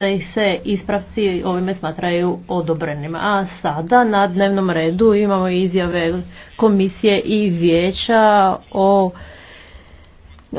da ih se ispravci ovime smatraju odobrenima. A sada na dnevnom redu imamo izjave komisije i vijeća o